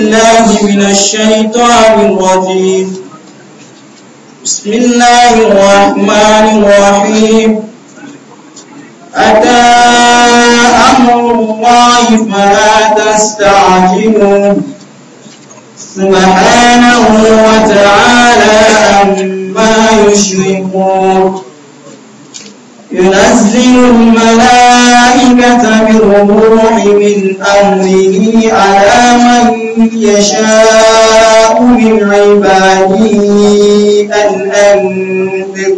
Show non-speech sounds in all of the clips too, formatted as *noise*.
الله من الشيطان الرجيم بسم الله الرحمن الرحيم أتى أمر الله فلا تستعجلوا سبحانه وتعالى عما يشركون ينزل الملائكة بالروح من أمره على من يشاء من عباده أن أنذر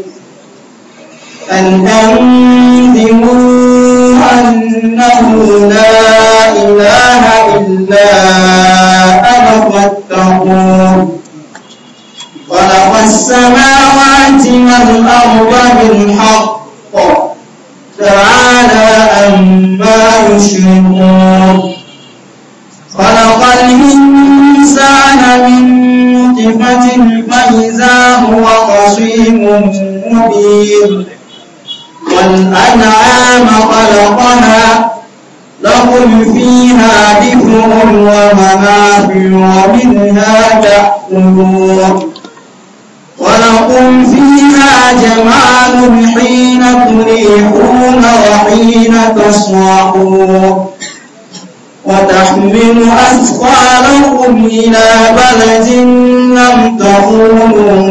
أن أنذروا أنه لا إله إلا أنا فاتقون خلق السماوات والأرض بالحق تعالى أما يشركون خلق الإنسان من نطفة فإذا هو خصيم مبين والأنعام خلقها لكم فيها دفء ومنافع ومنها تأكلون ولكم فيها جمال حين تريحون وحين تصرحون وتحمل أثقالكم إلى بلد لم تكونوا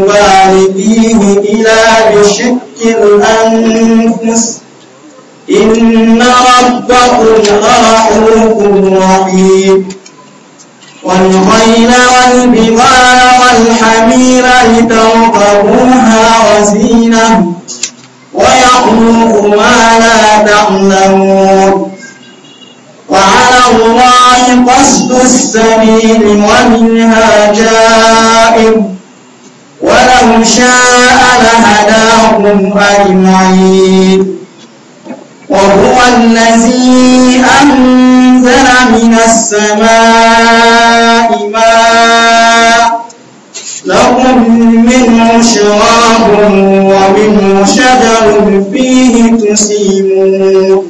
بالغيه إلا بشق الأنفس إن ربكم لرحوكم رحيم والخيل والبغال والحمير لتركبوها وزينة ويخلق ما لا تعلمون وعلى الله قصد السبيل ومنها جائر ولو شاء لهداكم أجمعين وهو الذي أنزل من السماء ماء لهم منه شراب ومنه شجر فيه تسيمون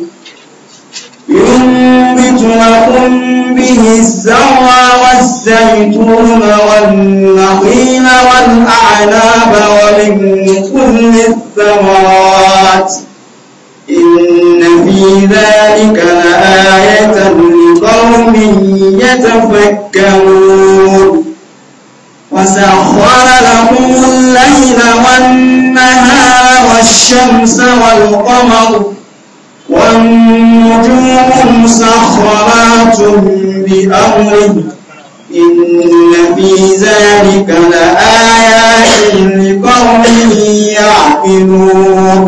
ينبت لكم به الزرع والزيتون والنخيل والأعناب ومن كل الثمرات في ذلك لآية لقوم يتفكرون وسخر لهم الليل والنهار والشمس والقمر والنجوم مسخرات بأمره إن في ذلك لآيات لقوم يعقلون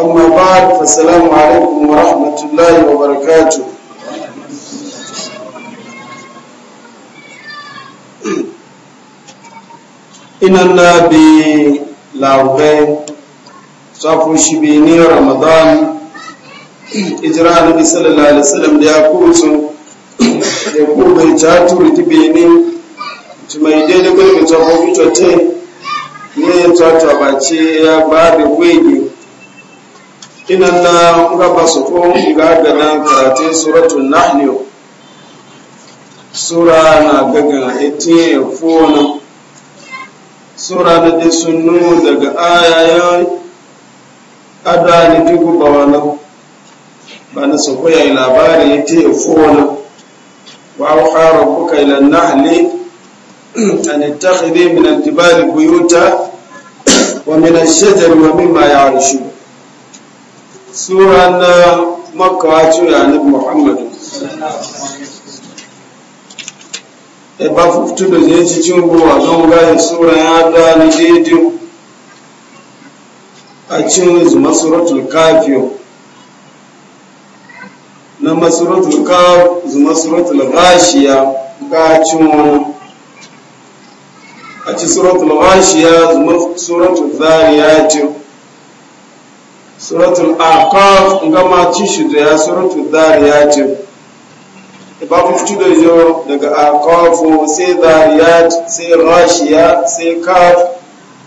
أما بعد فالسلام عليكم ورحمة الله وبركاته inanna bi laugai safin shi bi ni ramadan ijira annabi sallallahu alaihi wasallam da ya kuce ya kubai ta turi ti bi ni mai daidai ce ne ya tsawata ba ce ya ba da ina na nga basu ko nga gana karatun suratun nahliyo sura na gaga etiye fona sura na dai sunnu daga ayayen adani duku bawana ba na su koya labari etiye fona wa auha rabbuka ila nahli an ittakhidhi min al-jibali buyuta wa min ash-shajari wa mimma ya'rishun sura na makka cura ni muhammadu e eh, ba futu da je ci cin ruwa don gayin sura ya da ni daidai a cin zuma suratul kafiyo na masuratul kaf zuma suratul ghashiya ka cin wani a ci suratul ghashiya zuma suratul zariyati suratul aqaf ngama ci shi da ya suratul dariyat babu fitu da yo daga aqaf sai dariyat sai rashiya sai kaf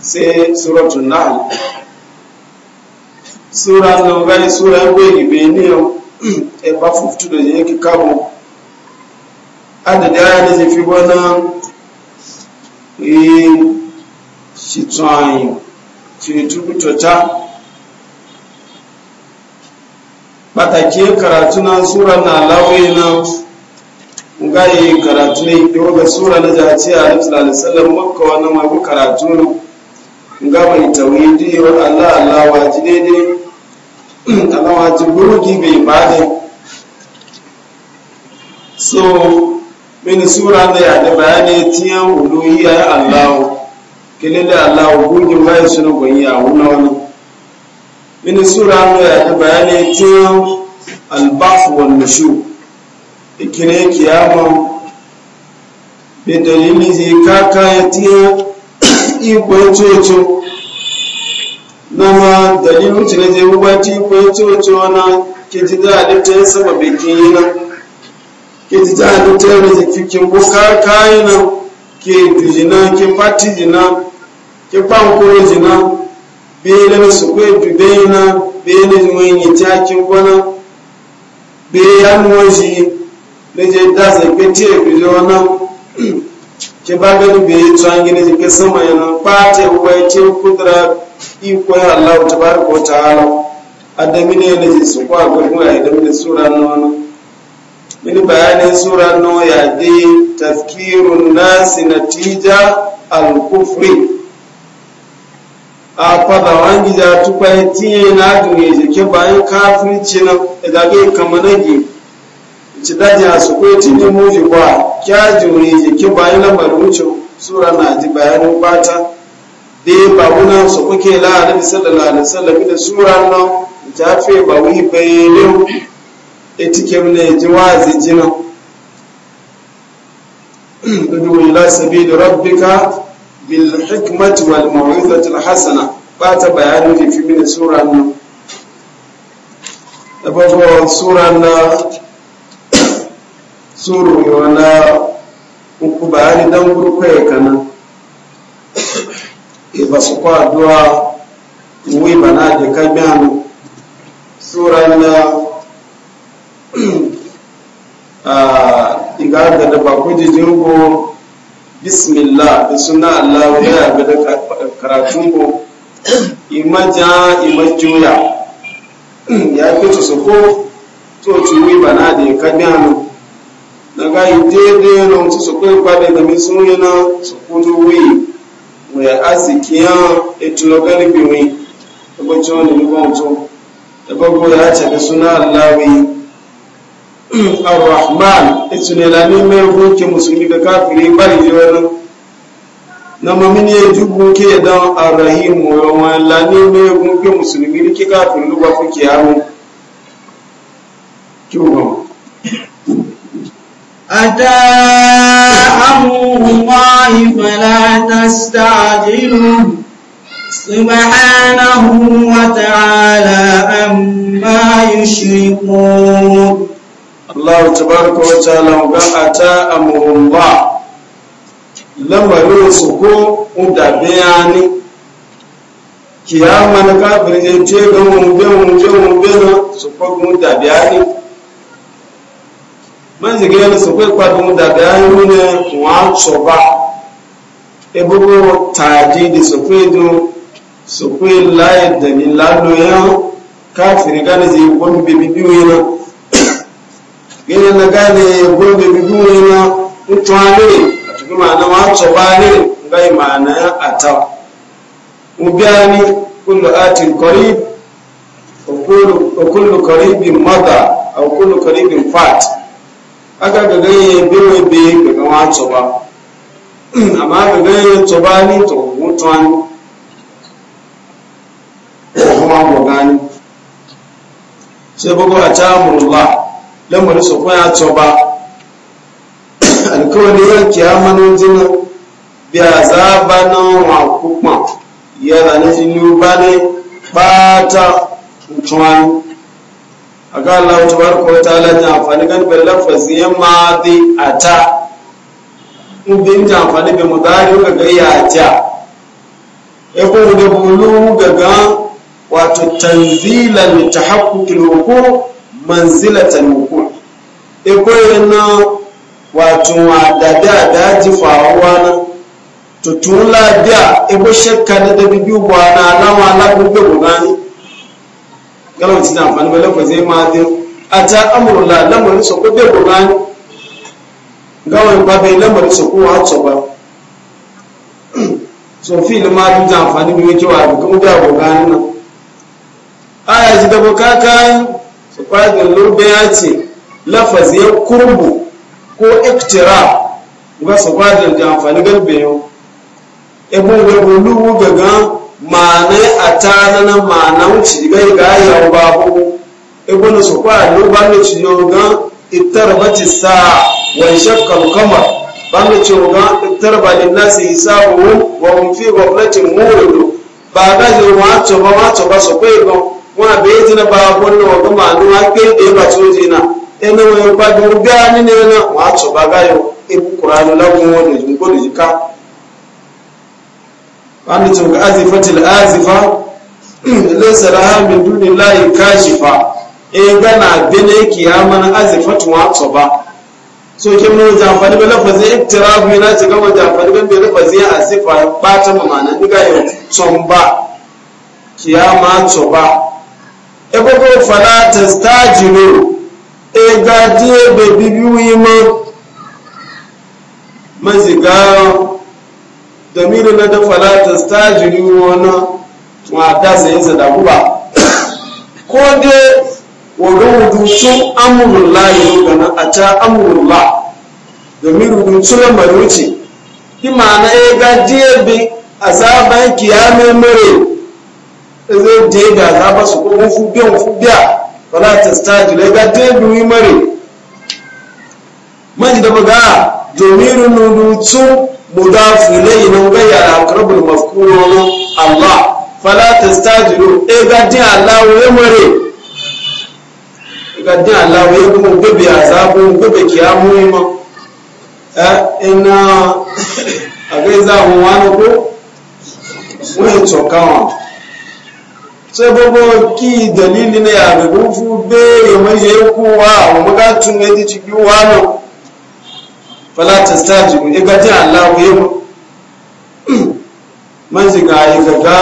sai suratul nahl sura no gani sura gwe ibeniyo e ba fitu da yake kabo adada ya da fi bona e shi tsayin ce tukuta pataki karatu na sura na lawai na ngayi karatu ne yoga sura na jati a alaihi sallallahu makka wani mai karatu ne ga mai tawhidi wa Allah Allah waji daidai Allah waji burugi bai bada so min sura da ya da bayani tiyan uluhiyya Allah kelele Allah gudun bai sunu goyi a wani. mini sura ya da bayanai tun albafu wal nushu ikire kiyama ya tiya ikon coco na ma dalilin cire zai gubati ikon coco na ke ji da halittar sama bikin yi nan ke ji da halittar da jikin buka kayi nan ke dujina ke fati jina ke bene *clears throat* na su kwe bi bena bene ji wani yi takin kwana be ya nuwaji na je da zaɓe te bi da wannan ke ba gani be yi tsohon gina sama yana ɓata wai te kudura ikon allahu ta bari ko ta ala adami ne na ji su kwa gudu a idan da sura na wani mini bayanin sura na ya dai tafkirun nasi natija al-kufri A akwada wangi za tukwai tiye na duniya jike bayan kafin kafirci na zage kama nage ci daji a su ko ti ne mufi ba kya duniya jike bayan lamarin wucin sura na ji bayanin bata da ya babu nan su kuke la da sallallahu alaihi wasallam da sura nan ta fe ba wi bayanin etike mun ji wazi jinan *clears throat* Udu ila sabili rabbika bil hikmati wal mawizati al hasana ba ta bayani da fi mini nan da na uku bayani dan gurkwaye kana e ba su kwa duwa wi bana da kabiyan sura na a iga da da ba kujijin bismillah da suna Allah ya ga da karatun ko imaja imajuya ya fito su ko to tuwi bana da kadanu daga idede no su su ko kwade da misun yana su ko tuwi mu ya asikiya etulogari biwi ko chon ni ko to da ko ya ce da suna Allah wi ar-rahman itsune na ne mai hukunci musulmi ga kafiri bari yi wannan na mamini ya ji gunke dan ar-rahim wa man la mai gunke musulmi ne kafiri lu ba kuke yaro kiwo أتى أمر الله فلا تستعجلوه سبحانه وتعالى أما يشركون Allah tabaraka wa ta'ala ga ata ba lamarin su ko da bayani kiyama na kafir ne ce ga mu be mu be mu be na su ko mu da bayani man zige ne su ko kwa mu da bayani ne wa tsoba ebugo taji di su ko do su ko lai da ni lalo ya kafir ga ne zai ko bi bi biyu yana gina na gane gurbe bibiyoyi na mutuwane a cikin ma'ana wato bane gai ma'ana ya ata ubiyani kullu atin qarib wa kullu qaribin madha aw kullu qaribin fat aka ga ganye biyoyi bi ga ga wato ba amma ga ganye to bani to mutuwane kuma mu gani sai bugu a tamurullah lamarin su ya to ba alkawari ya kiyama nan jina biya zaba nan wa kuma yara na jini ba ne ba ta mutuwan a ga Allah ta bar ko ta la ja amfani gan bel lafazi ya ma di ata in bin ta amfani be mudari ga ga ya ja e ko da bulu ga ga wato Tanzila tanzilan tahaqquqil huquq manzilatan wuku ikoyin na wato adada da ji faruwa na tutun labiya ibo shakka na da biyu ba na alama alagbogbo gudani galon ci na amfani ba lafa zai ma zai a ta amurla lamarin so ko bai gudani gawon ba bai lamarin su ko hatsu ba so fili ma duk da amfani bai kyau a bukan da gudani nan aya ji da bukaka su kwagin lurbe ya ce lafazi ya kurbu ko iktira ga su kwagin da amfani garbeyo ibn gabulu gaga ma'ana a tana na ma'ana wuce yi ga yau babu ibn su kwagin ba ne ci yau ga ittar mace sa wani shakkar kamar banda cewa ba lin nasi hisabu wa hum fi ghaflatin muridu ba da yo ma to ba ma to ba so ko wọn àbẹ yìí ti na ba bọ ní wọn kọmọ àná wọn gbé dé bàtí ó di na ẹnu wọn ipa bí wọn nínú ẹ náà wọn àtọ bàbá yọ ewu kura ló lágùn wọn lè gbó lè ká. wọn ní tòun àzìfọ tìlẹ àzìfọ lẹsẹ rà hàn mí dúró láyé náà gbé ní bá. so kí mo jà fani bẹ lọfọsí ìtìrà bu iná ti kọ́ mo jà fani bẹ lọfọsí ebogo fala tastajilu ega die be bibiwima maziga damiri na da fala tastajilu wona wa ta sai sa da kuba ko de wodo wudutu amurullahi gana ata amurullah damiri wudutu la maruci imana ega die a azaban kiyame mere zai je da za ba su kogon fubiyan fubiya wala ta staji lai ga ta yi mare man da baga domin nunutu mudafu lai na gaya da akrabul mafkuro Allah fala ta staji lo e ga din Allah ya mare e ga din Allah ya kuma gobe azabu gobe kiyamu ma eh ina agai za mu wani ko wani tsokawa sai gbogbo ki dalili na ya gaga fu be ya mai ya kowa wa bukatun ya ji ciki wano fala ta staji mu ga ji Allah ku yi man ji ga ya gaga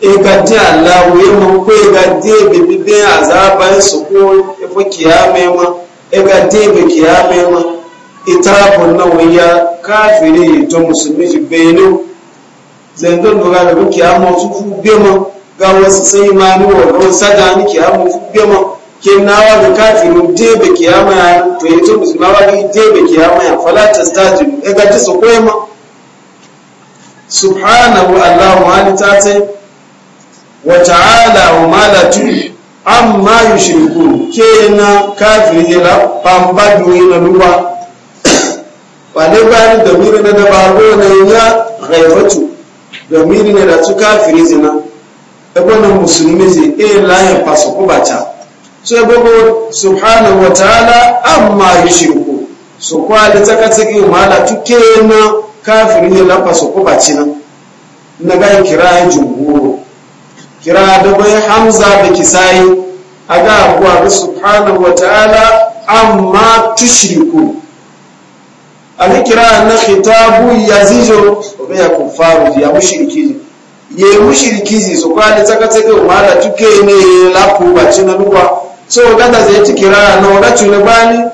e ga ji Allah ku yi mu ko ga ji be bi be azaba su ko e fa kiyame ma ma zangon da ga ruki ya mu su fu bema ga wasu sai ma ni wa ga wasu da ni ki ya mu fu bema ke nawa da kafin de be ki ya ma to yato musulma wa ni de be ki ya ma fala tastaju e ga ji so koyema subhanahu allah wa ta ce wa ta'ala wa malatu amma yushrikun kena kafiri kafin la pamba duyi na duba ba *coughs* ne ba ni da mira na da ba ne ya ghairatu domin ne da su kafiri zina ebonin musulmi zai iya e layin fasu kubaca so ebogo subhanahu wa ta'ala amma yi shirku su kwali tsakatsaki mala tuke na kafiri ne na fasu kubaci na na gani kira ya jumhuru kira da bai hamza da kisayi a ga abuwa subhanahu wa ta'ala amma alikira na khitabu zizo, obe ya kufaru ya mushirikizi. ye mushirikizi so kwani tseke umara tukene lapu bachina lugwa so kada zai tikira na wada tune bani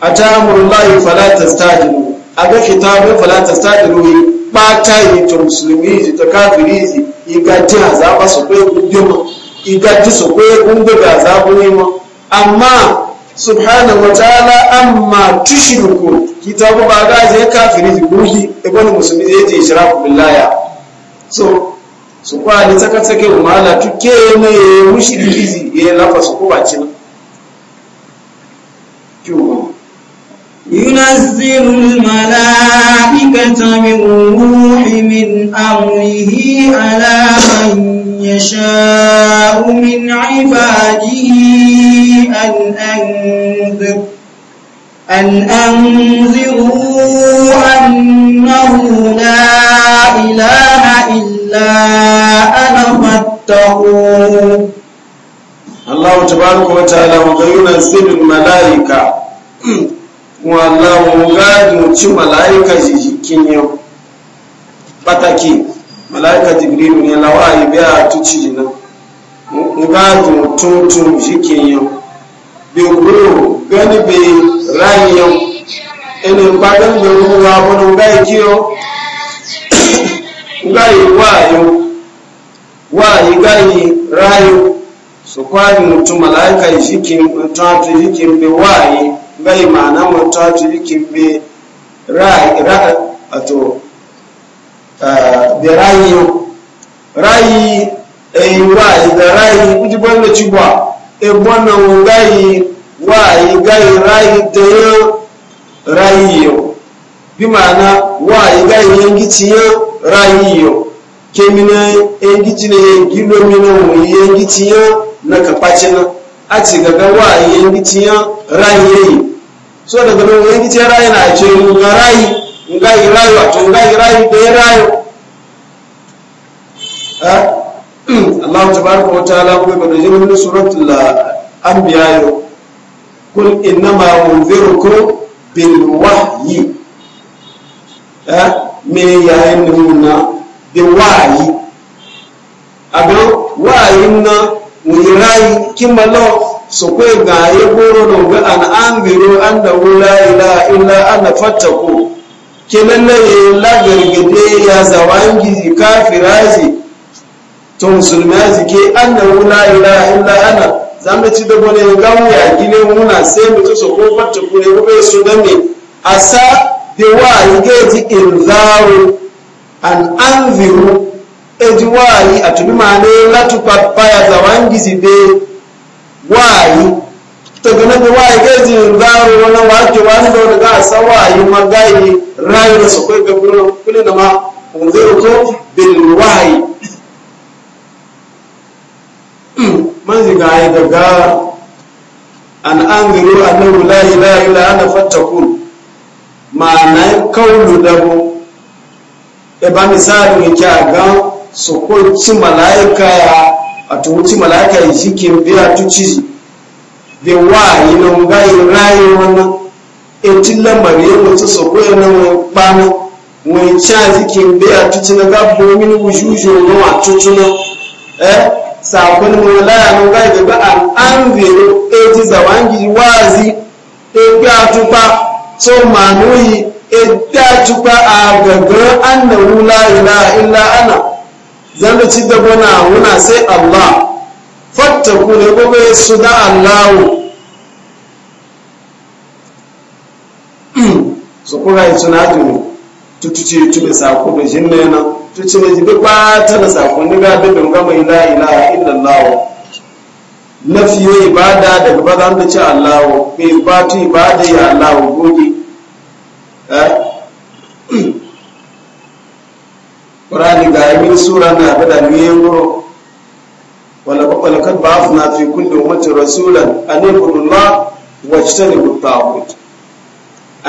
atamurullahi fala tastajilu aga khitabu fala tastajilu bata yi to muslimizi to kafirizi igati azaba so kwe kudema igati so kwe kumbe azaba amma subhanahu wa ta'ala amma tushriku kitabu ba ga je kafiri ruhi bani musulmi zai je shiraku billahi so su kwa ni saka tsake umala tuke ne mushriki ya lafa su ko bacin ينزل الملائكة من روح من أمره على من يشاء Na yi fahimtar aiki a cikin al'amuransa, na yi fahimtar aiki ya saba'a masu ɗin shugaban ɗin. wata alamu ta yi nasibin mala'ika. Wala mu ngadin cin mala'ika jirgin ya lau a yi biya a tukin. ngajin tuntun shike yau bai guru gani bai rayin yau ina bagan bai ruwa wani ngai kiyo *coughs* ngai wayo wayi gayi rayu su kwani mutum malaika shike mutatu shike bai wayi ngai mana mutatu jikin bai rayi ra'a ato bai rayin yau rayi eyiwayi garayi kujibanda chibwa ebwana wongayi wayi gayi rayi teyo rayiyo bimana wayi gayi yengitiyo rayiyo kemina yengitine yengilo mina woyi yengitiyo na kapacina ati gaga wayi yengitiyo yo? so daga nan yengitiyo rai na ce nga rayi ngayi rayi wato ngayi rayi teyo rayo Allah tabaraka wa ta'ala kuma ba da jinin suratul anbiya yau kul innama unzirukum bil wahyi me yayin nuna bil wahyi abin wa'ayin na wirayi kimbalo su kai ga ya goro da ga an biro an da wula illa ana yi ya to musulmi ya jike annahu la ilaha illa ana mu ci da bone gawo ya gine muna sai mu ci so ko fatta kure ko bai su da me asa de wa yige ji inzaru an anziru eji wayi atumi latu papaya za wangizi be wayi to gana bi wayi ge ji inzaru wala wa wani da ga asa wayi magayi rayu da su ko ga buru kulina ma unziru ko bil wayi man ziga ya gaga an an giru annahu la ilaha illa ana fattakun ma'ana kaulu dabo e ba misali ne kya ga su ko ci malaika ya a to ci malaika ya shike biya tuci de wa yi non ga yi rayi wannan e ti lamari ya mutu su ko yana wani kpanu wani cha zike biya tuci na ga bo min wujujo ruwa tuci na eh sakon wala no ga ga ba an zero e zawangi wazi e ga tupa so manuyi e da tupa a gaga na la ila illa ana zan da ci da wuna sai Allah fattaku ne gobe su da Allahu su kura yi tunatu tutuci tube sako da jinna yana tuci ne jibi ɓata da sakonni ga bibin gama ila ila lawo. na fiye ibada daga ba za mu ci allahu bai ta ibada ya allahu goge ƙurani eh? *clears throat* ga yamin sura na bada miyan guro walakad ba afina fi kulle wata rasulan a ne budullah wacce ta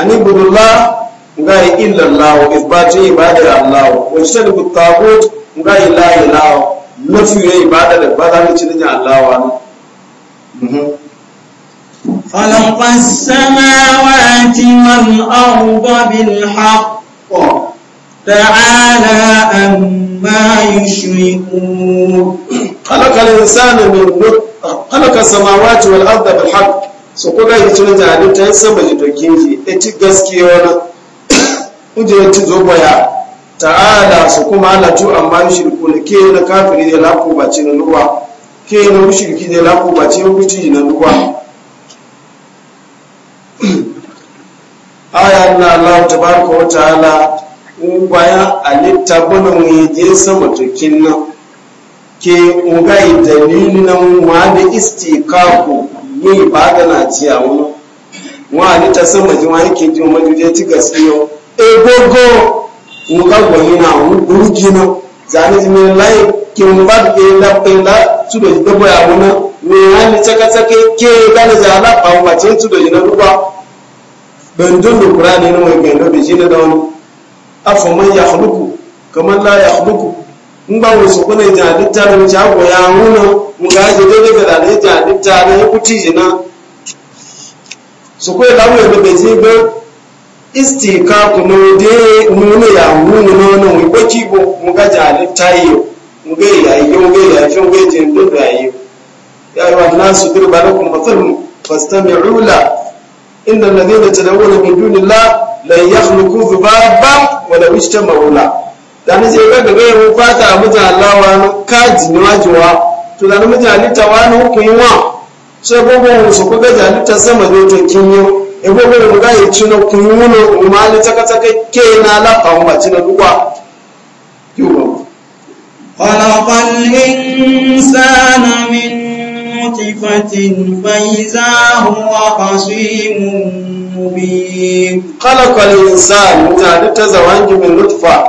ne budullah ngai illa allah is baati ibada allah wa shal bu tagut ngai la ilaha la fi re ibada da ba ni ci nya allah wa mhm. falam qassamawati wal arda bil haqq ta'ala amma yushrikun khalaqa al insana min nutfa khalaqa samawati wal arda bil haqq oh. so ko dai ci nya ni ta san ba ji to ci gaskiya wala uje ci zo ta ta'ala su kuma tu amma shirku na ke na kafiri da lafo bace na ruwa ke na shirki da lafo bace na ruwa. na luwa *clears throat* aya na Allah tabaraka wa ta'ala un baya alitta bana mu je sama tokin nan ke ugai dalilin nan wa da istiqaqu ne ba da na ciya wa ni ta sama jiwa yake jiwa majuje ci gaskiyo egogo nga gbonyina urujina jina ruba bendun do qur'ani no jina don afa man yakhluqu kama la yakhluqu ngba wo so kone ja ditta cha go ya huna je de istika kuno de nune ya wuni nono wi kwaci bo muga jali tayo ga ya yi ga ya fi muga jin do da yi ya yi wa nasu dir balakum batul fastami'u la inna alladhina tadawwala min dunillah la yakhluqu dhubaba wa la yajtama'u la dan je ga ga mu fata muta Allah wa no ji ni wajewa to dan mutane tawano ku yi wa sai gogo su ku ga jali ta sama ne to kinyo egbogbo mu ga yi tuna kun wuno takataka ke na lafa wa tuna duwa خلق الإنسان من نطفة فإذا هو خصيم مبين خلق الإنسان متعدد زوانج من نطفة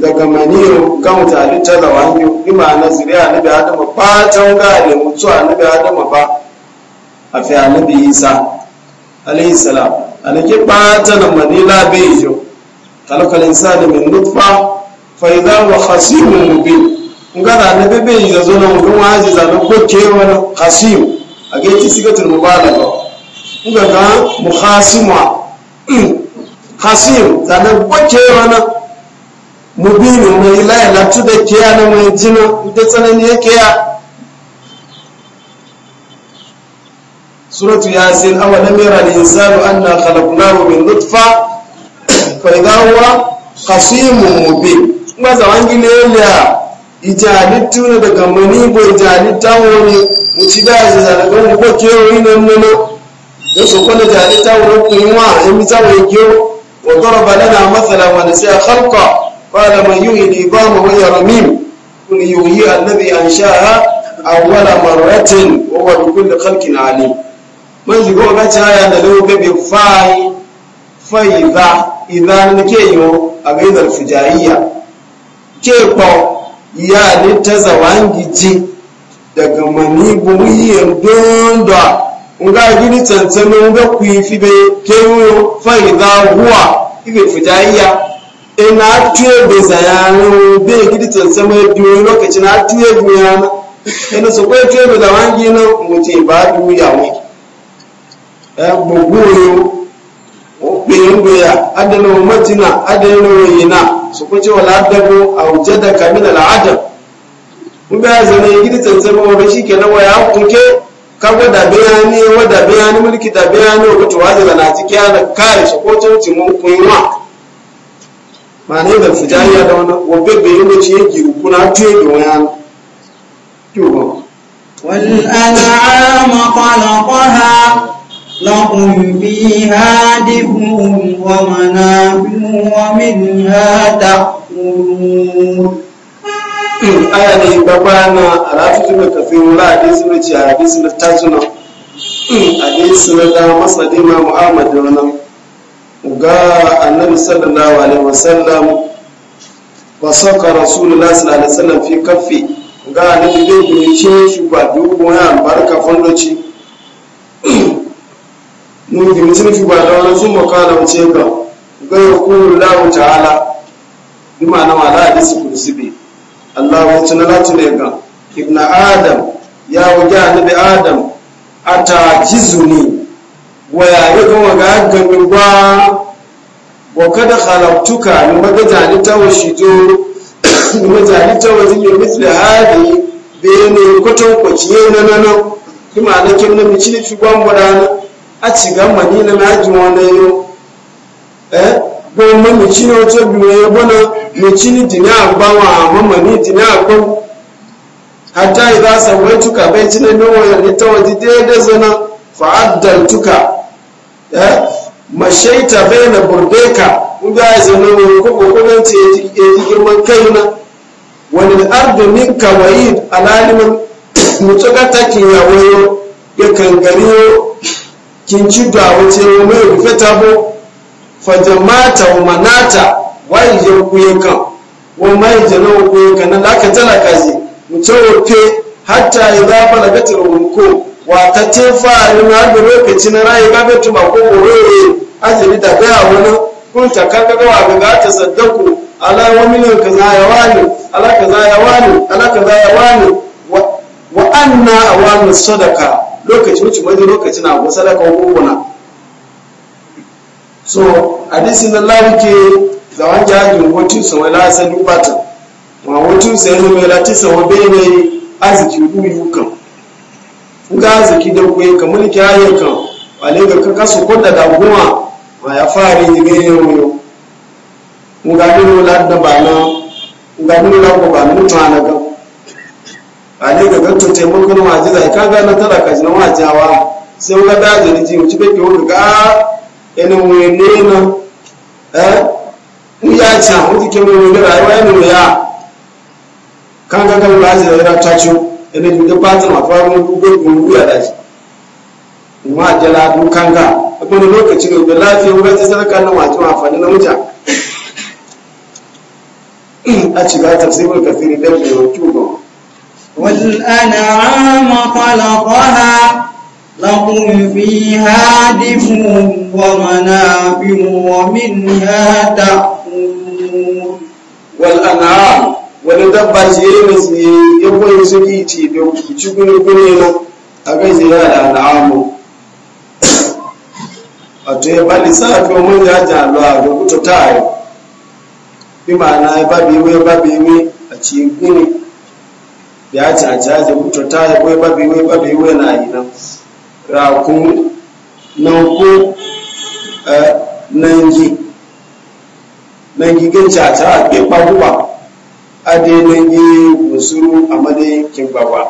daga maniyo ga mutane ta zawangi ima na zuriya na bi adama ba ta ga da mutuwa na bi adama ba a fi alayhi salam anake bata na manila bai jo kalakal insani min nutfa fa idha huwa khasimun mubin ngana *clears throat* na bebe yi zo na mun waji za na koke wani khasim age ti sigatul mubalagha nga ga mukhasima khasim za na koke ne mubin mai ila latu da kiyana. mai jina da tsanani yake ya suratu yasin awa lam yara al-insanu anna khalaqnahu min nutfa fa idha huwa khasimun mubin ngba za wangile ya ijali tuna daga manibo ijali tawoni muchibaza za daga ngo kyo ine mnono yeso kona jali tawo kuinwa emi tawo kyo wa daraba lana mathala wa nasiya khalqa qala man yi al-idama wa yaramim kul yuhyi alladhi anshaha awwala marratin manzi ko ga caya da lo ga fai fai za idan ke yo a ga idar fujaiya ke ya ni ta ji daga mani buwiyan donda nga gini tantano nga kwifi be kewo fai za huwa ibe fujaiya ina tuye be zayano be gini tantano biyo lokacin na tuye biyo na ina so ko tuye beza zawangi na mutum ba duya wai gbogboyo ya adana wa matina adana wa yina su kuce wa ladabu a wuce da kamin al'adam mun ga zane gidi tantama wa shi ke nan waya kuke kago da bayani wa da bayani mulki da bayani wa kuce wazi da na ciki ana kare su ko cin mun kunwa ma ne da fujariya da wani wabe bayan da ci yake kuna tuye da wani ana والأنعام خلقها لهم فيها دفن ومنافع ومنها تأكلون aya ne gaba na ce masa ma Muhammadu ga annabi sallallahu alaihi wasallam wa saka rasulullahi sallallahu alaihi wasallam fi kaffi ga annabi zai ce shi ba dubu wani albarka fondoci mun fi mutum fi ba da wani sun makala wuce ga gaya kuhun ta ala. bima na ma a disi kursi bi Allah wa tuna la tuna ga ibna adam ya wuge annabi adam A ata jizuni wa ya yi kuma ga gami ba wa kada khalaqtuka ni magajani to ni magajani tawajin ya mithli hadi bene kwaton kwaciye na nano kuma na kin na mici ne fi gwamgwada na a ciga madina na ajin wanda yau eh gbogbo mace ne wato biyu ya bana mace ne tina agbawa amma mani tina agbawa hatta idan sabuwar tuka bai ci na nawa ya ne ta waje daidai zana fa'addar tuka eh mashaita bai na burdeka inda ya zana wani kuma kudin ce ya ji girman kai na wani ardu minka wa'id alalimin *clears throat* mutuka take yawayo ya kangariyo kinci da wace mai rufe tabo fajamata wa manata wai je kuye kan wa mai je na kuye kan nan laka tana kazi mutum pe hatta idza balagatil umku wa ta tefa ni na da lokaci na rai ga betu ba ko ore ajiri da ga wani kun ta kaga ga ga ta saddaku ala wa min kaza ya wani ala kaza ya wani ala kaza ya wani wa anna awamu sadaka lokaci wuce wani lokaci na kusa da kawo so a hadisi na larike da wani hajjin hotun sa wani lasa dubata ma hotun sa yanzu mai lati sa wani bai arziki duyu kan in ka arziki da kuma ka mulki hanyar a lega ga ka kasu kwanda da goma ma ya fara yi ga yin wuyo in ga dole da ba nan in ga dole da ba mutu na ale ga gantu tote mun kun waje zai ka na tara ka jin wajawa sai mun ga da ji mu cike ke wuga ina mu ne na eh mu ya ci mu ji ke mu ga rayuwa ne ya kan ga kan waje da ra ya tacho ene mu ga patin ma faru mu go mu ya daji mu ma jala du kan ga wani lokaci ne da lafiya wurin ta sarka na waje ma fa ne na mutane *clears throat* a ci shiga tafsirin kafirin da ke yau kyau والأنعام خلقها لكم فيها دفء ومنافع ومنها تأكلون والأنعام wani dabba ce ya matsi ya koyi suki ce da ci kuni kuni na a kan shi yana da al'amu a to ya bani sa fi wani ya ji jalo a rubuta ta yi bi ma'ana ya babi wai babi wai a ci kuni ya ci a caji mutu ta yi wai babi wai babi wai na yi nan rakun nauku eh, nangi nangi gan ci a ta a kpaguwa a dai nangi musuru a madai kin gbagwa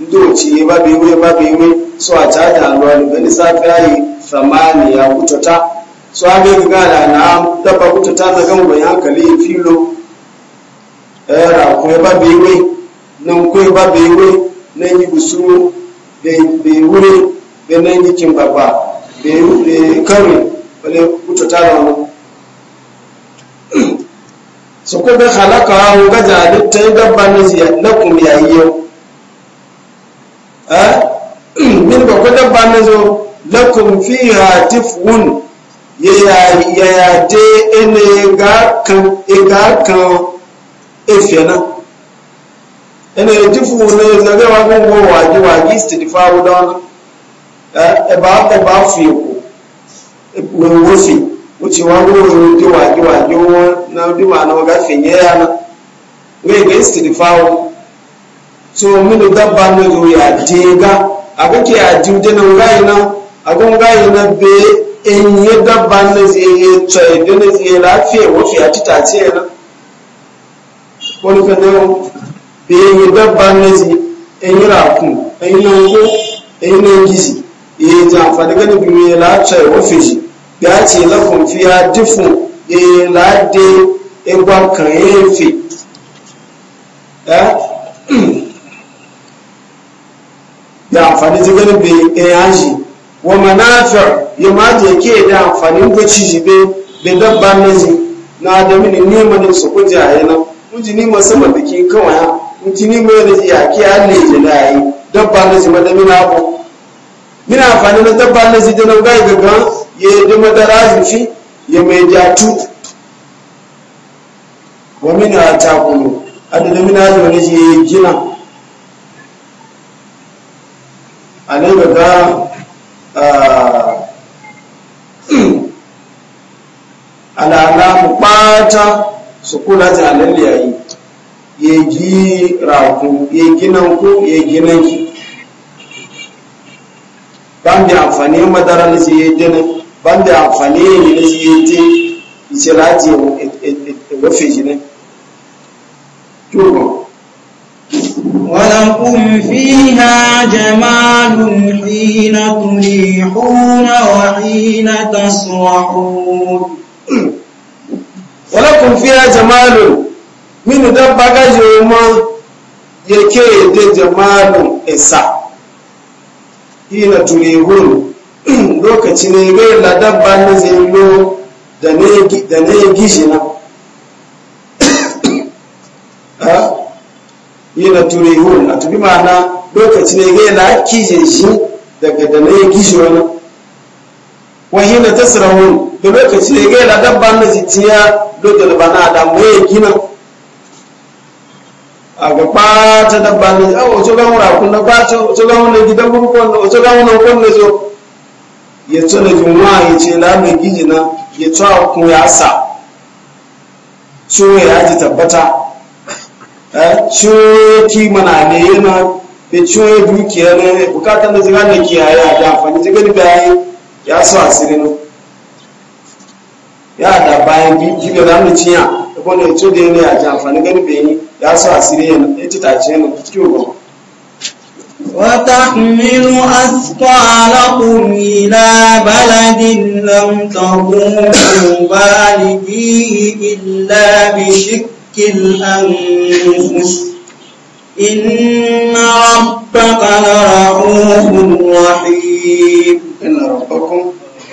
ndị ochie baba iwe baba iwe so acha aja alụ ọrụ beni sakai samani ya ta so abịa gị gara na daba kuchota na gangwa ya nkali filo ya eh, kwụnye baba nan kwai ba bai wuri nan yi busuru bai wuri bai nan yi kin babba bai kare wale kuta tara mu su ko ga halaka hau ga jalitta yi dabba na kuma yayi yau eh? *clears throat* min ba ku dabba na zo lakum fiha tifun yayade ene ga kan efe e na ene etifu ne zabe wa gongo waji waji istifa udon e eh, ba ko ba fi ko wo ti wa wo na di ma na ga fi ya na we ga so mi ya na na be ne wo fi a titace na wani bai dabba na ji ɗan yi rakun ɗan yi nango ɗan yi nangizi ya yi jamfani gani bi mai lacca ya wafe ji ya ce na kumfiya difin ya yi lade igwa kan ya yi da amfani ta gani bai ɗaya ji wa manafar ya ma je ke da amfanin gaci ji bai dabba na ji ne da mini neman su kujaye nan kun ji neman sama da ke kawai ha. ntini mai da yaki an ne yi dabba na zima da mina ko mina amfani na dabba na zima da gai gaga ya da madara zufi ya mai jatu wa mina ta kulu da mina zima da shi gina a nan gaga *clears throat* mu ɓata su kula ta alalliyayi ya gi raku ya ginan ku ya ginan ki ban da amfani madara na siye dana ban da amfani ne na siye te isirati wafe shi ne kyoko ولكم فيها جمال حين تريحون وحين تسرحون ولكم فيها جمال mini dabba ga yoma yake da jama'in isa hina turihun lokaci ne ga la dabba ne zai lo da ne da ne gishi na *clears throat* ha tuli turihun a tubi ma'ana lokaci ne ga la kije shi daga da ne gishi wani wahina tasrahun da lokaci ne ga la dabba ne zai tiya lokacin da na da mai gina agwa kpata dabba bani a wato gawon rakun na kpata wato gawon na gidan burkon na wato gawon na kwan na zo ya to na juma ya ce na mai giji na ya to a kun ya sa ciwo ya ji tabbata eh, ciwo kima na ne yana da ciwo ya dukiya ne bukatar da ziga da kiyaye a da amfani ziga da bayan ya so asiri no ya da bayan gida da mu ciya wanda ya da yana yaji amfani gani bayani ya sa asiri ya ci tace yana cikin ruwa وتحمل أثقالكم إلى بلد لم تكونوا بالغيه إلا بشك الأنفس إن ربك لرؤوف رحيم إن ربكم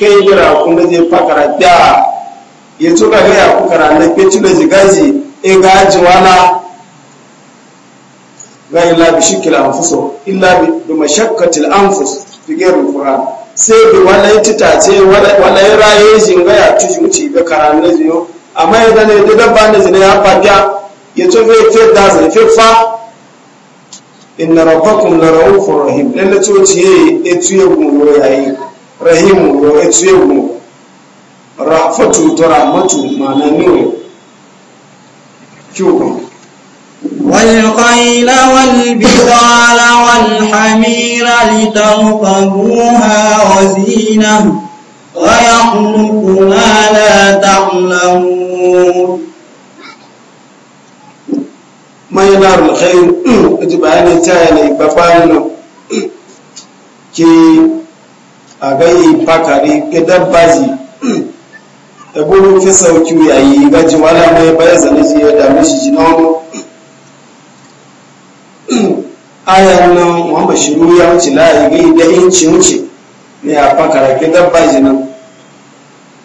kai yira kun da je fakara da ya tuka eh, ga ya ku kara na ke tuna jigaji e ga jiwala ga illa bi shikil anfuso illa bi bi mashakkatil anfus figar alquran sai bi wala titace wala wala raye jinga ya ci muci da kara na jiyo amma idan ne da na ne ya fadiya ya to fe fe da zai fi fa inna rabbakum la rahim lalle to ciye etu ya gumuro yayi rahimu wa etiyewu rafatu to rahmatu mana niwo kyuko والقيل والبغال والحمير لتركبوها وزينه ويخلق ما لا تعلمون ما ينار الخير اجب عن التالي بابانا كي agayi pakari ke dabbaji da buru fi sauki yayi gaji wala mai bayan zane shi ya dame shi ji nono ayan nan wanda shiru ya wuce layi gai da inci wuce ne a pakara ke dabbaji nan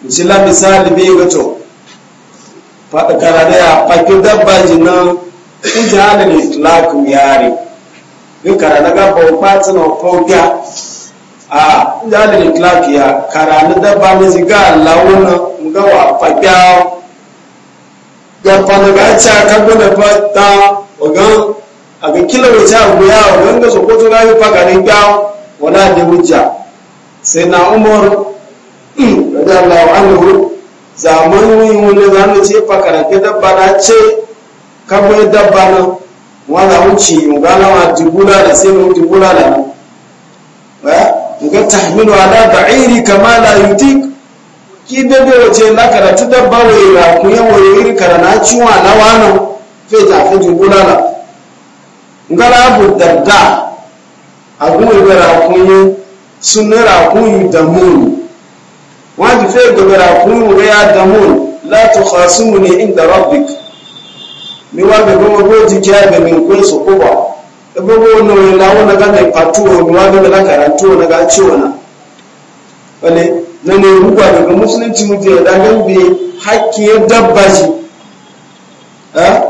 wuce la misali bai gato fakara da ya faki dabbaji nan kuja halin itlaqu yare ne kara daga bau fatina ko ga a dalilin klafiya karanu dabba na ziga launa nga wa fafiya ga fanaga ci a kan gwada fata wagan a ga kila wace a guya wagan ga sokoto na yi fagari gyawo wala da hujja sai na umar hmm, radiyallahu anhu yi wani zanen ce fakarake dabba na ce kamar dabba na wanda wuce yi gana wa dubula da sai mu dubula da ga tahmilu ala ba'iri kama la yutik ki bebe wace na karatu dabba wai ra ku yan wai iri karana ciwa na wano fe ta fe ju bulala ngala abu darda agun ibe ra ku yi sun ra ku yi damun wani fe gaba ra ku yi ya damun la tukhasimuni inda rabbik mi wa be gomo goji kya be min kun su kuba ebogo ono ila wona ganda ipatuo niwado na karantuo na gachiona wale nane rugwa daga musulunci mutu ya dagan bi hakkiyar dabbaji ha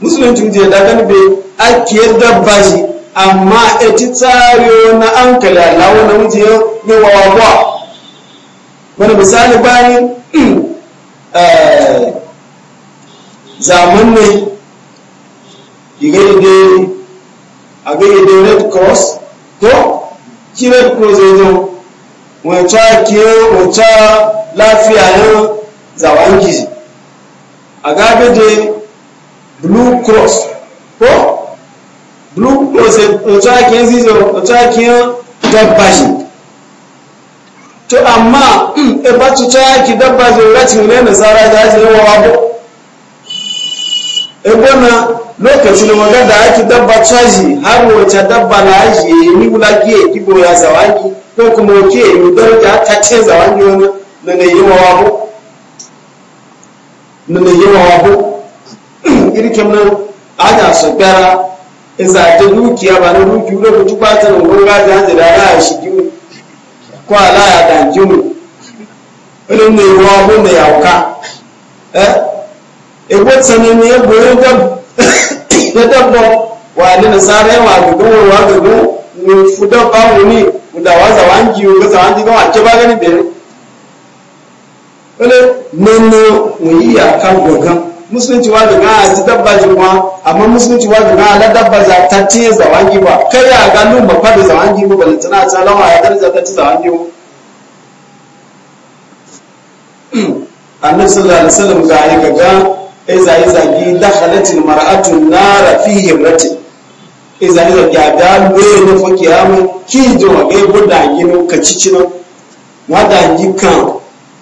musulunci mutu ya dagan bi hakkiyar dabbaji amma eti tsariyo na ankali alawo na mutu ya yi wa wani misali bayan *clears throat* eh, zaman ne igai dai abe da red cross ko kí red cross ẹjọ́ wọ́n tó kí wọ́n tó láfíà yán zawangi agabe da blue cross ko blue cross wọ́n tó kí zizọ to amma e ba tu ta ki dabbaji ratin ne nasara da ji wa wabo e bona lokacin magana da ake dabba caji har wace dabba na aji ya yi wulaki ya kibo ya zawaki ko kuma wace ya yi darja ta ce zawaki wani na na yi mawa ko na na yi mawa ko irkin nan ana su gara iza ta dukiya ba na duki lokaci ba ta nan gurga da hanzu da ya shigi mu ko ala ya danji mu wani ne yi mawa ko na yawuka eh ebo tsanani ya goyon dabba na dabba wa ni na sare wa gugu wa gugu ni fu dabba mu ni mu da wa zawangi wa zawangi ga ke ba gani ne. wale nono mu yi ya kan gogan musulunci wa daga a ji dabba ji kuma amma musulunci wa daga ala dabba za ta ce zawangi ba kai ya ga nun ba fada zawangi ba tana ta lawa ya za ta ci zawangi ba annabi sallallahu alaihi wasallam ga ga iza iza gi dakhalatil mar'atu nara fi himratin iza iza gi ada we no fo kiyamu ki jo ge boda gi no kachichi no wada gi kan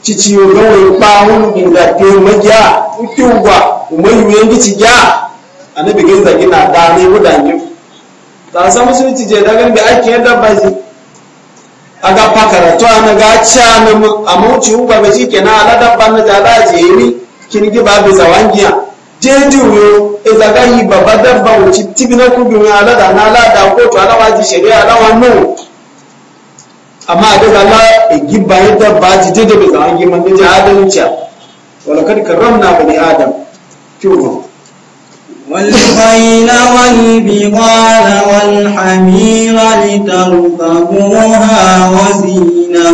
chichi yo ga we pa hun da pe maja utiwa umai we ngi ci ja anabi ge iza gi na da ne boda gi ta sa musulunci je daga ga ake yadda ba shi aga pakara to ana ga cha na amma uci uba ba shi kenan ala dabban na da ala ni kirgi ba bi zawangiya jeji wuyo e ga yi babba dabba wuci tibi na kubi wuyo da na da ko to ala alawa ji ala wa no amma a daga la e gibba e ya dabba ji jeje bi zawangi man jeje adalci walakad karramna bani adam kyuwa والخيل والبغال والحمير لتركبوها وزينة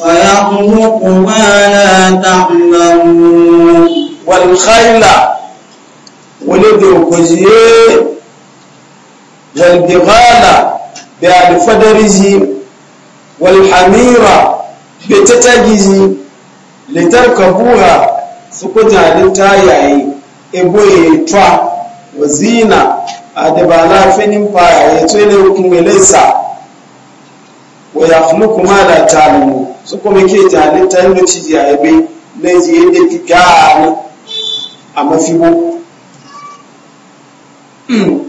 ويخلق ما لا تعلمون walkhaila wani da dogojiye jalbigala da alfadariji walhamira da ta tagiji litar kabuha su kujanin tayaye ya twa wa zina a da ba lafinin faya ya ce ne hukumai laisa wa ya kuma kuma da talimu su kuma ke jalin ta yi mace yabe na jiye da fi gani amafibo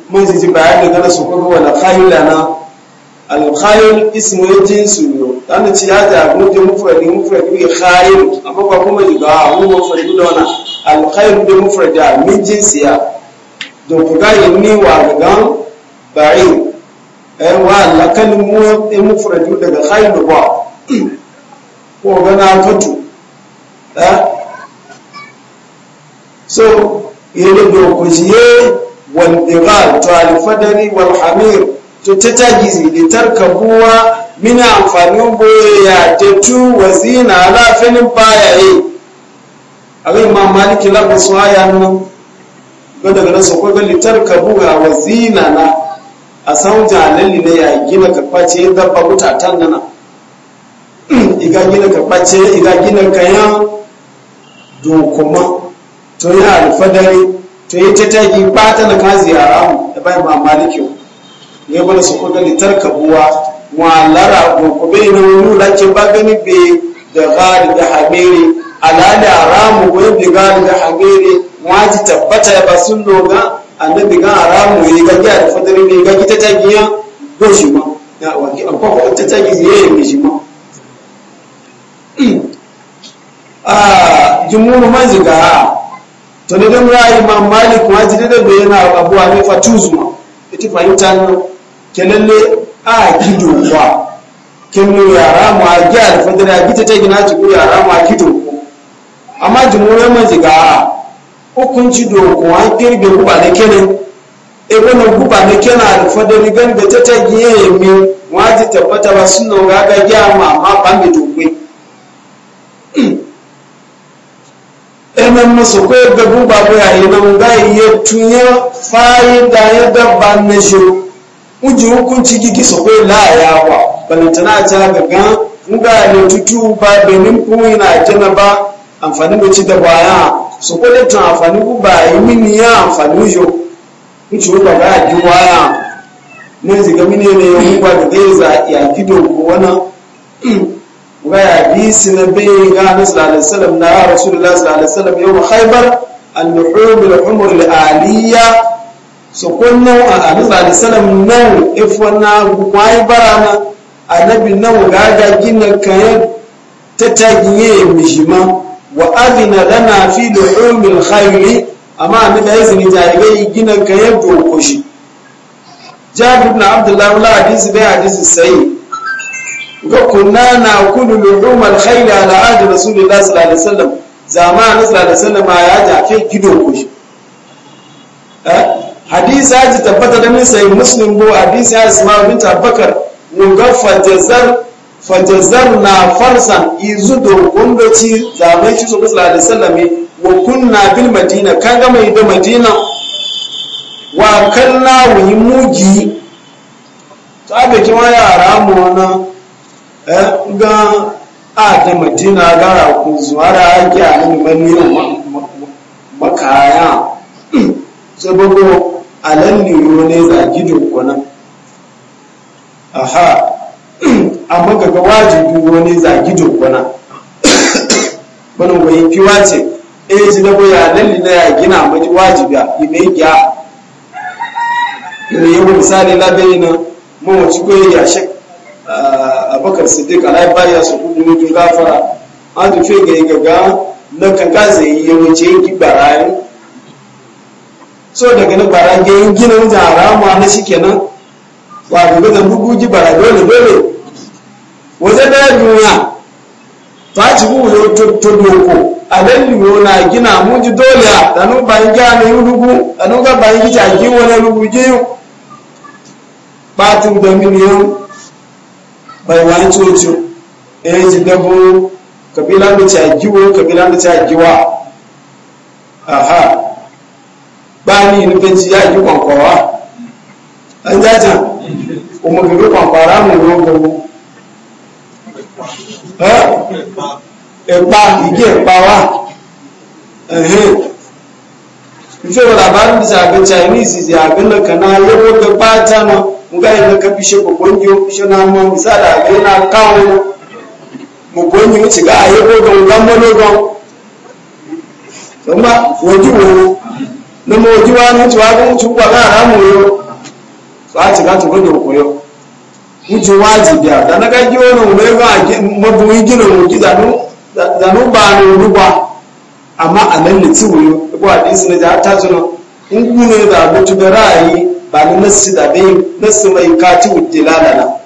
mun ji bayani gana su kuma wala khayla na al khayl ismu jinsu ne dan ci ya ta mun mufradi amma ba kuma ji mufradi da min ku ni wa eh, wa mufradi daga ba ko gana fatu eh? so yele do ko jiye wal to al fadari wal hamir to tata gizi da tarkabuwa mina amfanin boye ya tetu wazina zina fenin baya yi abin ma maliki lafa su haya nan ga daga nan sakwai ga litar kabuwa wazina na a san jalalli na ya gina karface ya dabba mutatan nana iga gina karface iga gina kayan dokuma to yi alfadari to yi ta tagi bata na kazi ziyara mu da bai ma maliki ya bala su kuga ni tarkabuwa wa lara ko ko bai na wani lake ba gani be da gari da hamiri ala da aramu ko bi gari da hamiri waji tabbata ya basun doga a ramu aramu yi gaji ga alfadari ne ga ta tagi ya go shi ma ya wa ki an ko ta tagi ya yi shi ma a *clears throat* ah, jumuru ha? to ne dan ra'ayi imam malik ma ji da bayyana abu hanifa tuzuma ita fahimta nan ke a kido wa kinu yara mu a gi alfadar a gita ta gina jiku yara mu a kido ku amma jimurai mai jiga a hukunci doku an kirbe guba na kenan ebe na guba na kenan alfadar gan da ta ta giye yammi waji tabbata ba suna gaga gyama amma ban da dokwai *clears throat* ɗanan masu ko da buba a nan ga iya tunye fayi da ya dabba na shi uji hukunci gigi su koyar la'aya ba balantana ta gaga ga ne tutu ba benin kuma na kina ba amfani da ci da baya su da tun amfani ku ba yi mini ya amfani yo uji ba ga ji waya ne ziga ne ya ba da zai za a iya kido ko wani waya hadisi na bai ga Annabi sallallahu alaihi wasallam na Rasulullah sallallahu alaihi wasallam yau Khaibar al-luhum al-humur al aliya so kunna Annabi sallallahu alaihi wasallam nan ifwana Khaibarana Annabi nan ga ga gina ta tatagiye mishima wa adina lana fi luhum al-khayl amma Annabi yazni jarigai gina to koshi Jabir ibn Abdullah wala hadisi bai hadisi sahih ga kunna na kudu lullumar haida ala aji rasulullah sallallahu alaihi wasallam zamanin sallallahu alaihi wasallam ya jafe gido ku shi eh? hadisi ya ji tabbata da min sai muslim bo hadisi ya isma bin tabbakar mun ga fajazar fajazar na farsan izu da gwamnati zamanin shi sallallahu alaihi wasallam wa kunna bil madina kan ga mai da madina wa kanna wuyi mugi to abe kima yara mu na Eh, ga a ta madina gara ku zuwa da ake a nan maniyar makaya *clears throat* saboda alan niyo ne za gido kwanan aha *clears throat* amma kaga wajibi wani za gido kwanan wani wai fi wace eh ji da boya lalli na ya gina mai wajibi a ime ya ne eh, yau misali na bayyana mawaci ko ya shek ah, abakar siddiq alai baya su kudu mutu gafara an tufe ga yi gaga na kanka zai yi wuce yi barayi so daga na bara ga yi ginin zara ma na shi kenan wa daga da bugu ji bara dole dole wajen da duniya ta ci bu yo to doko dan yo na gina mu ji dole a danu ban ga ne rugu danu ga yi ji ta gi wani rugu ji ba tun da miliyan bai wani a eh ji dabo kabila da ta giwo kabila da ta giwa aha bani ni benci ya gi kwankwawa an jaja kuma bi mu rogo eh epa igi epa wa eh ife wala ban bisa ga chinese ya ga kana yabo ga pata ma mugaye na kabishe mugonyo she na mo misala ke na kawo mugonyo tiga aye ko don gambo no don kuma woji wo na mo ji wa ni tuwa ko tu kwa ga ha mu yo ba a ka tu ko do ko yo muji wajibi da na ga ji wono me ba mo bu yi gina mu ji da no da no ba no ruba amma anan ne ti wo yo ko hadisi na da ta tuno in ku ne ba mutu da ra'ayi ba ni nassi da bai nassi mai katu dilala na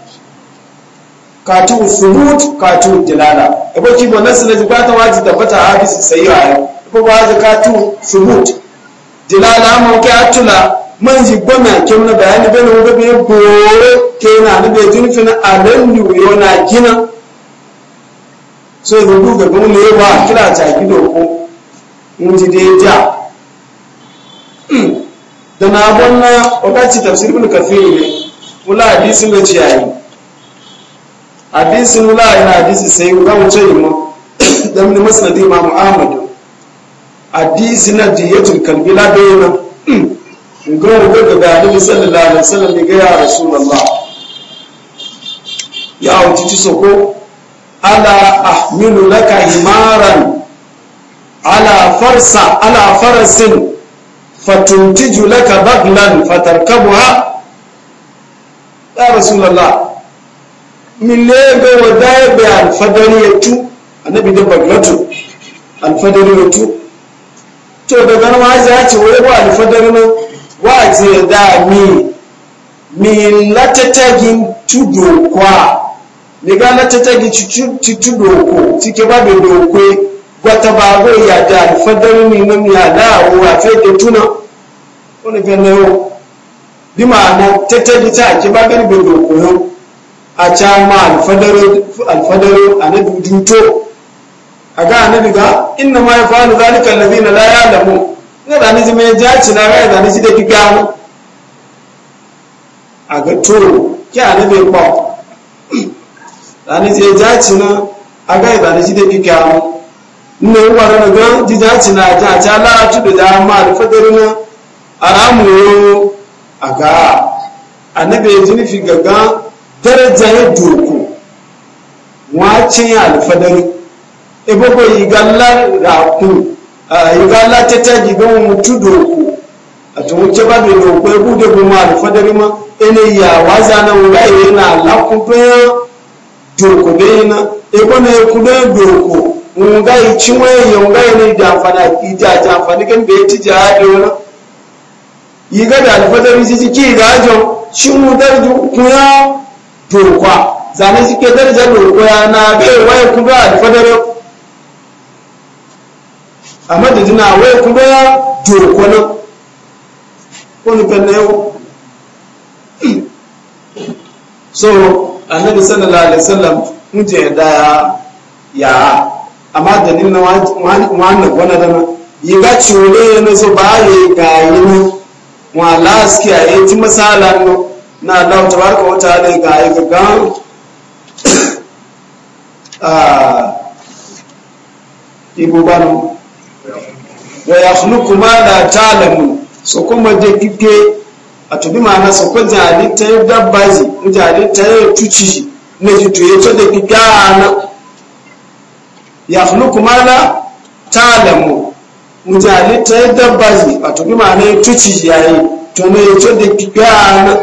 Katu subut katu dilala ebo ki bo nassi na jibata waji da bata hadisi sayi ayo ebo waji katu subut dilala ma ke atula man ji a ke na bayani bai na wuga bai bore na ne bai alen yiwuyo na gina so da ga gumu ne ba kira ta gido ko mun ji dai ja da na bonna wakati tafsir ibn kathir ne wala hadisin da ci yayi hadisin wala yana hadisi sai ga wuce mu da min masnadi imam ahmad hadisi na diyatul kalbi la bayyana *coughs* ga ga ga annabi sallallahu alaihi wasallam ga ya rasulullah ya wuce ci soko ala ahmilu laka himaran ala farsa ala farsin fatuntiju laka baglan fatarkabuha ya rasulullah min ne be wadaye be alfadari yatu annabi da baglatu alfadari yatu to da gano ma za ci wai wa alfadari no wa je da mi mi latatagin tudokwa ni ga latatagin tudoko bada ba be dokwe wata bago ya da alfadar ne na da wa fe da tuna wani fene yau bi ma'ana tattali ta ake ba a can ma alfadar a na a ga annabi ga inna ma ya fa'alu zalika la ya'lamu na da niji mai jaci na ga da niji da ki gawo a ga to ki annabi ba da niji jaci na a ga da ki ne wara na ga jijaci na ta ta latu da dama alfadar na aramu yo a ga annabi ya ji nufi gaga daraja ya doku wacin ya alfadar ibo e ko igalla raku igalla ta ta gidan mutu doku a to wuce ba de doku e e ya bude goma alfadar ma ma ene ya waza na wuraye na lakubin doku bai na ibo na ya kudin doku ngai cinwe yau ngai ne da fana ida ta fani kan bai ti ja da wani yi ga da alfadar ji ki ga jo cinwu darju kuya dokwa zane shi ke darja dokuya na bai waye kuma alfadar amma da jina waye kuma dokwana wani kan na e yau so annabi sallallahu alaihi wasallam mun je da ya amma dalil na wannan gwana dana yi ga ciwole na so ba ya ga yi na wa laski a yi ti masala no na Allah ta barka wata da ga yi ga gan *coughs* ah, ibu banu wa ya khluqu ma la ta'lamun so kuma da kike a tubi na so kun jari ta dabbazi jari ta tuci ne ji to yato da kike ah, na ya khluqu ma la ta'lamu mujali ta dabba zi to bi ma'ana ya tuci yayi to ne ya ce da kiyana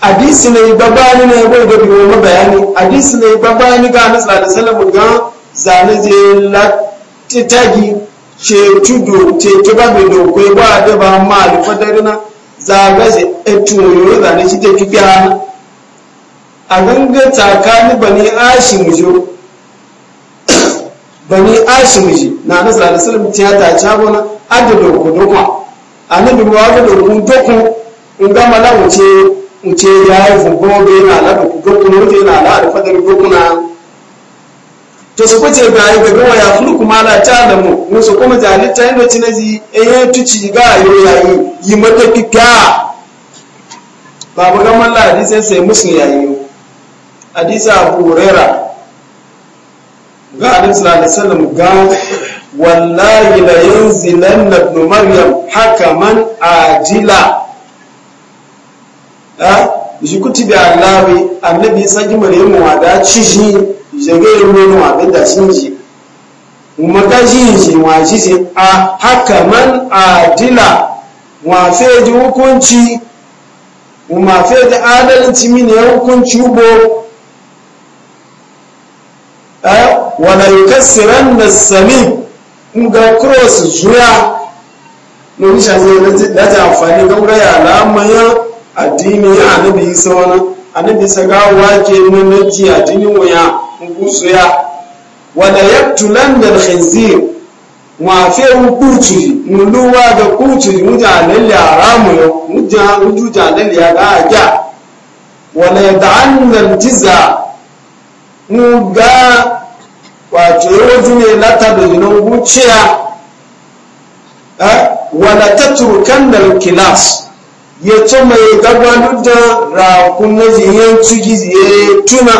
hadisi ne babani ne bai da biyo ma bayani hadisi ne babani ga nasa da alaihi ga zane je latitagi ce tudu ce tuba bai dokwai ba da ba ma alfadarina zagaje etu yoyo zane shi da kiyana a ganga tsakanin bani ashi muje bani ashi muje na nasu da salam ta ta ta gona adada ku dokwa annabi wa ga da ku dokku in ga mala wuce wuce ya yi fugo be na la ku dokku ne wuce na la da fadar dokkuna to su kuce ga yi ga ya fulu kuma la ta da mu mun su kuma jalita inda cinaji eh tuci ga yi ya yi yi mata kika babu ga mala hadisi sai musu yayi hadisa abu huraira ga annabi sallallahu alaihi wasallam ga wallahi la yanzilanna ibn maryam hakaman ajila ha jikuti bi allahi annabi sai maryam wa da ciji jage mu wa da ciji kuma ka shi wa shi a hakaman ajila wa feji hukunci kuma da adalci mini ya hukunci ubo wala yukasiran na sami ga cross zuya lomi shafi da ta amfani gauraya alamaya addini a anabi isa wani anabi isa gawa ke nanaji addinin waya gusu ya wala yaktulan da khinzir ma fe kuci nuluwa da kuci mutanen haramu yau mutanen ya ga aja wala yad'an da jiza mu ga wato yawanci ne na da jinin wuciya eh, wala ta turkan da kilas ya ci mai gabanin da rakun na jiyan ciki ya tuna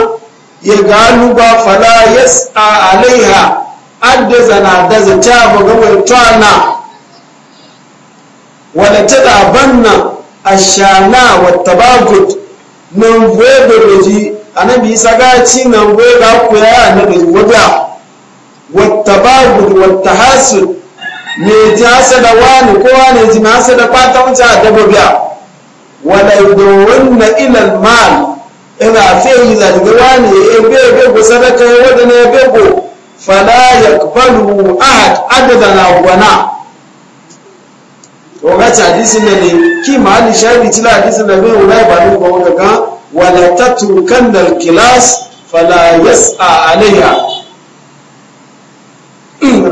ya gano ba fada ya tsa alaiha adda na da zata tana wala ta daban na ashana wata bagot nan vuwa da annabi isa ga ci nan goyi ga ku ya bai wada wata hasu ne ji hasada wani kowa ne ji na hasada fata wuce a daba biya wada yudawun na ilal mal ina fe yi wani ya ebe ebe go sadaka ya wada na ebe go fala ya kbalu ahad adada na gwana wakaci hadisi ne ne ki ma hali shafi hadisi da bai wula ba ne ba wani wala tatrukanna alkilas fala yas'a alaiha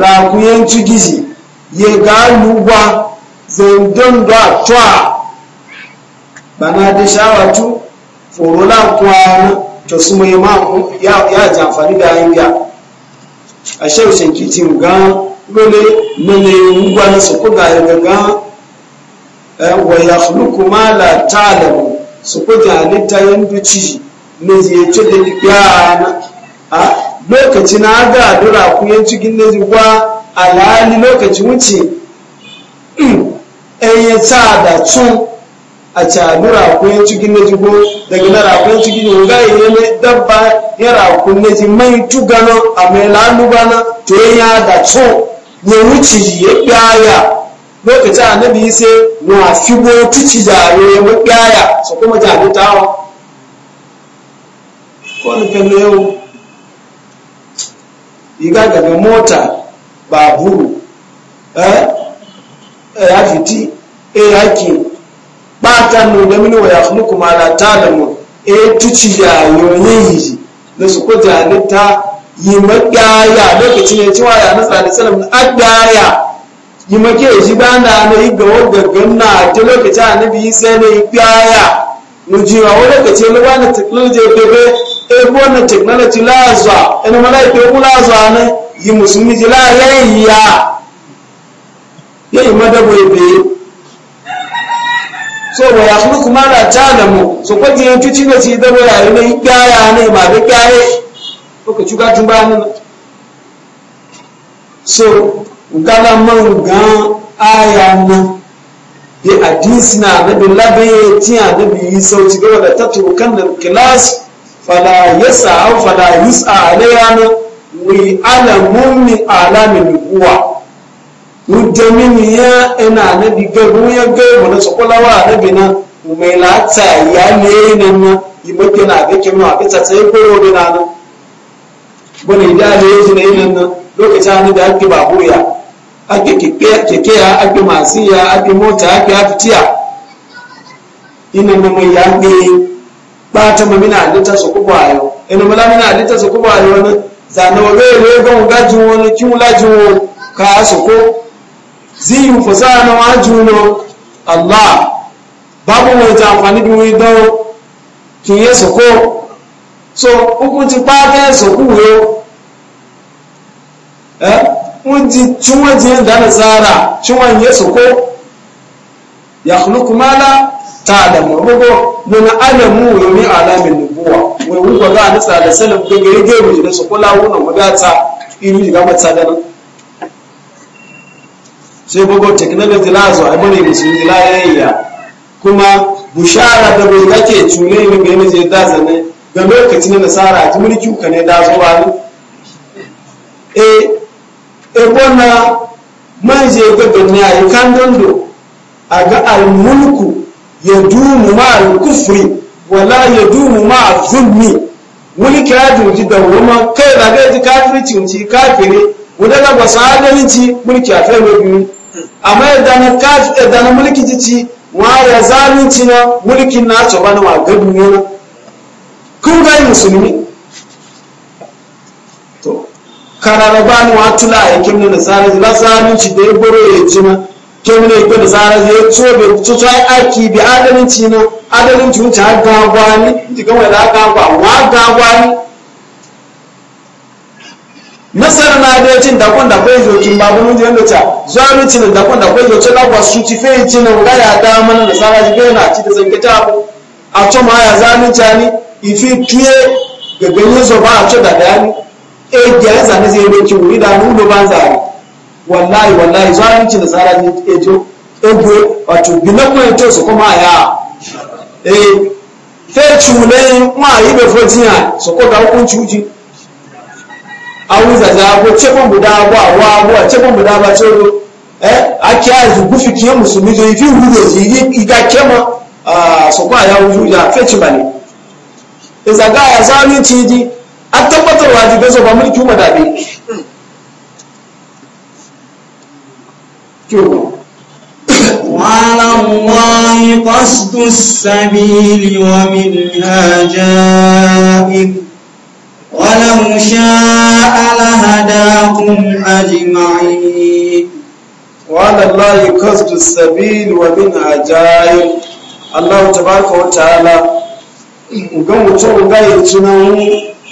rakuyanci gizi ya ga lugwa zandon da twa bana da shawatu forola kwana to su mai ma ya jamfani da hanya a shehu shankitin ga lole nane lugwa na su kuga ya ga wa yakhluqu ma la ta'lamu su ta halitta yin duci na ziyarci da yana a lokaci na ga dura ku yin cikin na a alhali lokaci wuce ɗan ya sa da tun a ca dura ku yin cikin na zigwa daga na rakun yin cikin na ga yi ne dabba ya rakun na zi mai tugano a mai lalu bana to ya da tun ya wuce ya ɓaya lokacin annabi sai na figo tuci da ya ɓaya kuma jami tawo ko ni kallo yau iga daga mota baburu eh, eh ya fiti eh yaki bata nu da mini wa yakhluqu ma la ta'lamu eh tuci ya yi da su ko ta yi magaya lokacin ya ci wa ya nasa da salam adaya yi make shi ba na na yi ga wagaggan na ta lokaci annabi sai na yi gaya mujiwa wani ka ce lwana technology bebe e bona technology lazwa ene eh, malaika ku lazwa ne yi musulmi ji la yayya yayi madabo be so wa yakhluqu ma la ta'lamu so ko je tuci ne ci da waya ne gaya ne ma da gaye ko ka cuka tun ba ne so ngala man ga aya a hadisi na nabi labe ti nabi sau ci gaba da tatrukan da kilas fala yasa au fala yusa alayana wi alamun min alamin kuwa mujamini ya ina nabi gabu ya gabu na sokolawa nabi na mai lata ya ne na na yi mafi na ga kemi a kasa sai koyo bi na nan bane da ne yi nan lokacin da ake ba buya ake kekeya ya ake masu ake mota ake hafitiya ina na mai ya ne bata ma mina halittar su kuma ayo ina mala mina halittar su kuma ayo wani zane wa rai rai gan gajin wani kin lajin wani ka su ko ziyu fusa na wajuno allah babu mai ta amfani da wani dawo kin yi su ko so hukunci bata ya su kuyo eh wọ́n tí da na tsara cin tí wọ́n ko, sọ́kọ́ yàkùnlùkù máa ta da murugo lónà alamu yomi alamin nubuwa wai za a nisa da salam da gari gari da su kula wunan magata iri da mata da nan sai bugo technology la zo ai bane musu la yayya kuma bushara da bai kake tune ne ga ne da zane ga lokacin nasara ta mulki uka ne da zuwa ne eh ebona manje ga dunya yi kan dondo a ga almulku ya dumu ma alkufri wala ya dumu ma zulmi mulki ya ji da wuma kai da ga ji kafiri ci kafire wanda ga wasa ci mulki a kai biyu amma da na kafir da na mulki ci wa ya zalunci na mulkin na ci bana wa ga kun ga musulmi karara bani wa tula ya kemne na zai la aminci da ya boro ya ci na kemne ko da zai ya bai to to ai aiki bi adalinci na adalinci wuce har gagwani diga wai da gagwa wa gagwani nasar na da yacin da kun da kai zokin babu mun jiyan da ta zalunci da kun da kai zokin lagwa su ci fe ci na ga ya da mana da sara ji ga ci da zankata a to ma ya zalunci ni ifi kiye ga ganin zo ba a to da dani e gya zane zai doki wuri da nuno ban zare wallahi wallahi zalunci da tsara ne eto ego wato binakun eto su kuma ya eh fe chule ma yi be fotiya so ko ga hukun chuji awuza za ko chepon buda wa wa wa chepon buda ba choro eh aki azu gufi kiyo musumi zo ifi hudo yi iga kema ah so kwa ya uju ya fe chibale ezaga ya zalunci ji an tabbatar wajibansa ba mulki kuma daɗe وعلى الله قصد السبيل ومنها جائر ولو شاء لهداكم أجمعين وعلى الله قصد السبيل ومنها جائر الله تبارك وتعالى ga mutum ga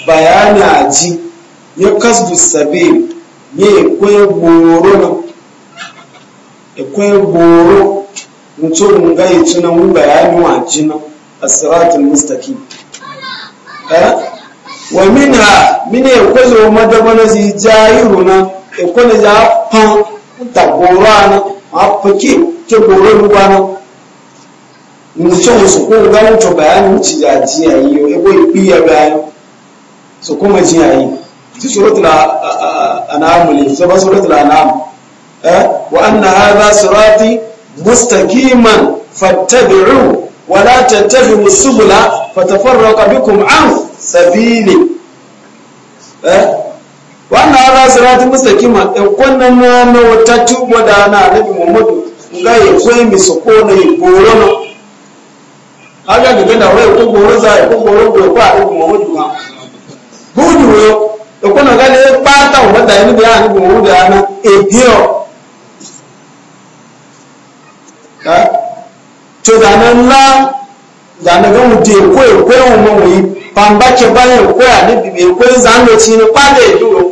bayana ji ya kasbu sabi ya ekwe gboro na ekwe gboro mutum ga yi tuna mun bayani wa jina asiratul mustaqim eh? wa minha mine ekwe zo madama na zi jayiru na ekwe na ya pan ta gboro na a fake ke gboro ruwa na mutum su ko ga mutum bayani wuce jajiya yi ya ekwe ikpiya bayani su kuma ji yayi ji suratul anam ne su ba suratul anam eh? wa anna hadha sirati mustaqiman fattabi'u wa la tattabi'u subula fatafarraqu bikum an sabili eh? wa anna hadha sirati mustaqiman in kunna ga yi tubo da su nabi muhammadu ngai kwemi sokona ga aga da wai ko goro za ko goro ko ba ko mu ba hudu okuna gale pata wata ni biya ni bo da na edio to da la da na ga mu ko ko yi pamba ba ko ya ni bi ko za no ni pa de duro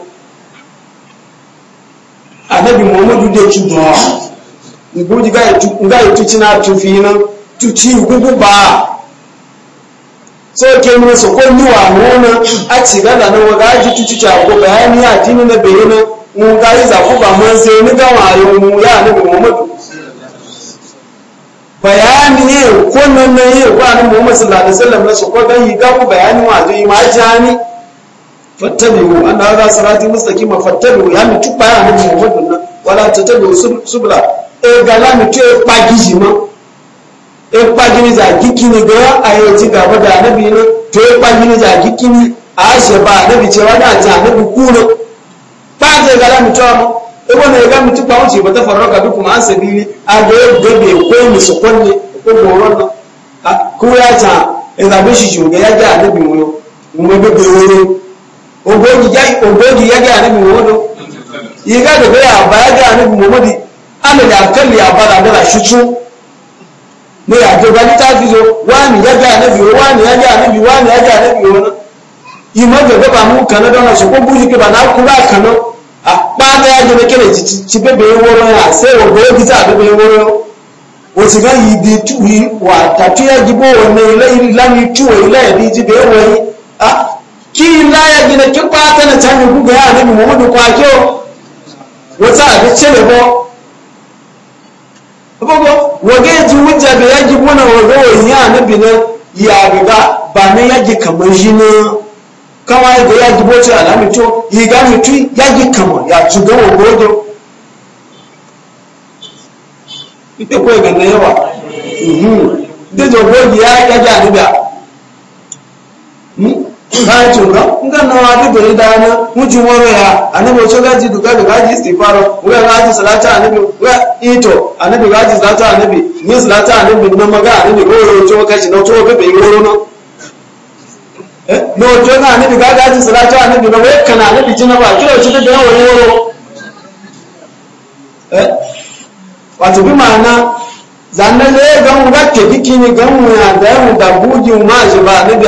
de ga ga na tu fi na tu ba so ke nuna su ko ni wa nuna a ci gana na wa gaji tuci ta ko bayani a dini na bayyana mu gaji za ku ba man sai ni ga wayo mu ya ni Muhammadu bayani ne ko nan ne ya ko annabi Muhammad sallallahu alaihi wasallam na su ko dan yi ga ku bayani wa zai ma jani fattabi'u anna hadha sirati mustaqima fattabi'u ya mi tuba ya annabi Muhammadu nan wala tatabi'u subla e gala mi tuba gijima ekpagini za gikini ga a yau ci gaba da anabi ne to ekpagini za gikini a ashe ba anabi cewa da ta anabi kuno ba ta ga lamu to mu ebo ne ga mutu ba wuce ba ta farraka duk ma asabili a ga gabe ko mu su kunne ko goron na ko ya ta e da bishi ju ga ya ga anabi mu mu be be woro ogoji ya ogoji ya ga anabi mu yi ga da ba ya ga anabi mu mudi ana da kalli a bara da shi su mo yà jọba lítàfi yo wáàmì yájà ke ba na yájà ànábì wáàmì yájà ànábì wo náà ìmọ̀ jọ̀gbẹ́ bá mú kan lọ́dọ̀ náà ṣùgbọ́n bújú kí bàbá kú a kan ya àpáńdé ajẹ́nìkẹ́lẹ̀ ti bébè wọ́rọ́ yà ṣé ògbó gíta bébè wọ́rọ́ òsì náà yìí di tú yìí wà tàtú yà jìbò ọ̀nà ilé ìlànà tú ilé ẹ̀dí ti bẹ́ẹ̀ wọ̀ yìí kí ilá yà jìnà kí pátá nà tánà gbogbo yà ànábì mọ̀mọ́dún kọ́ àjẹ́ o wọ́n sá àbí tẹ́lẹ̀ bọ́ wageji wuce da yagi muna wagawai ya nabi na ya riga ba na yaji kamar shi na kawai da yaji boce alamito yi gani tu yagi kamar ya ci gawa godo ita kawai ga na yawa mhm. da jagogi ya yagi gaji nga nga eh, na wadi bari dana muji woro ya anabi ocho gaji duka bi gaji istifaro nga gaji salata anabi wuya ito anabi gaji salata anabi ni salata anabi na maga anabi go yo ocho kashi na ocho bebe yoro no Na no ocho na anabi ga gaji salata anabi na wai kana anabi jina ba kiro ocho bebe yoro yoro eh wato bi ma'ana zanne ne ga mu ga te kikini ga mu ya da mu da buji ma ji ba anabi